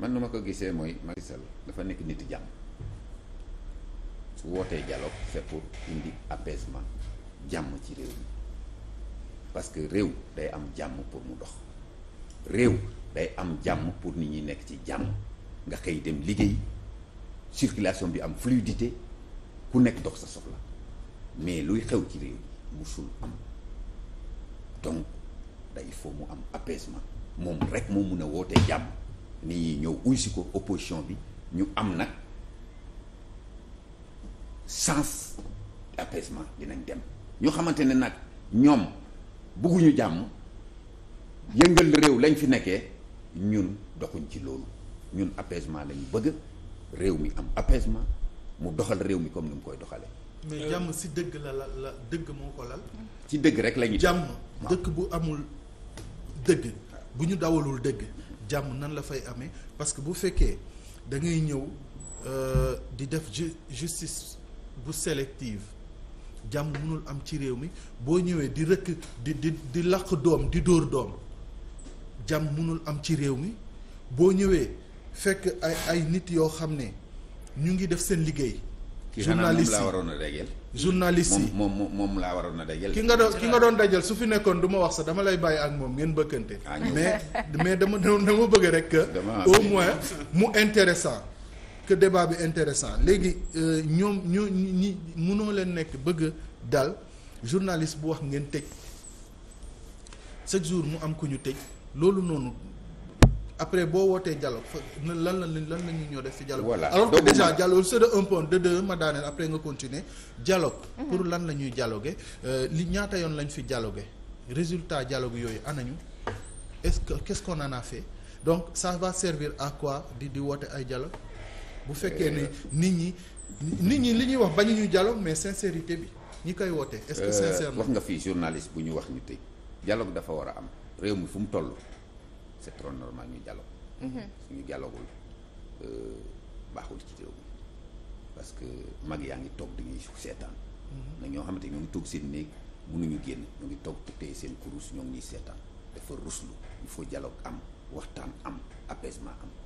man na ma ko gisee mooy Macky dafa nekk nit jàmm su wootee jaloo c'est pour indi apaisement jàmm ci réew mi parce que réew day am jàmm pour mu dox réew day am jàmm pour nit ñi nekk ci jàmm nga xëy dem liggéey circulation bi am fluidité ku nekk dox sa soxla mais luy xew ci réew mi musul am donc day faut mu am apaisement moom rek moo mun a wootee jàmm nit ñi ñëw uy si ko opposition bi ñu am nag sens d'apaisement dinañ dem ñoo xamante ne nag ñoom bëgguñu jàmm yëngal réew lañ fi nekkee ñun doxuñ ci loolu ñun apaisement lañu bëgg réew mi am apaisement mu doxal réew mi comme ni mu koy doxalee. mais euh. jàmm si dëgg la la dëgg moo ko lal. ci dëgg rek lañu jàmm dëkk bu amul dëgg bu ñu dawalul dëgg. jàmm nan la fay amee parce que bu fekkee da ngay ñëw euh, di def justice bu sélective jàmm mënul am ci réew mi boo ñëwee di rëkk di di di làq doom di dóor doom jàmm mënul am ci réew mi boo ñëwee fekk ay ay nit yoo xam ne ñu ngi def seen liggéey journaliste yi moom waroon a dajeel. journaliste moom moom moom laa waroon a dajeel. ki nga doon ki nga doon dajeel su fi nekkoon du ma wax sax dama lay bàyyi ak moom ngeen bëkkante. Ah, mais mais dama dama bëgg rek que. au moins mu intéressant que débat bi intéressant léegi euh, ñoom ñoo ñi mënoo leen nekk bëgg dal journaliste bu wax ngeen tëj chaque jour mu am ku ñu tëj loolu noonu. après boo wootee dialogue lan lan lan lan la ñuy ñëw def ci dialogue. voilà alors que déjà dialogue c'est de un de deux ma daaneel après nga continuer dialogue. Mhm. pour lan la ñuy dialoguer euh, li ñaata yoon lañ fi dialoguer résultat dialogue yooyu anañu est-ce que qu'est-ce qu'on en donc ça va servir à quoi di di woote ay dialogue. bu fekkee ni euh. nit ñi nit ñi li ñuy wax bañu ñuy dialogue mais sincérité bi ñi koy wootee est-ce que euh, wax nga fii journaliste bu ñu wax ñu tey dialogue dafa war a am réew mi fu mu toll. c'est normal ñu dialogue mhm. suñu dialogul euh, baaxul ci réew mi parce que mag yaa ngi toog dañuy seetaan mhm. na ñoo xamante ñoo ngi toog seen néeg mënuñu génn ñoo ngi toog tey seen kurus ñoo ngi ñuy seetaan dafa ruslu il faut dialogue am waxtaan am apaisement am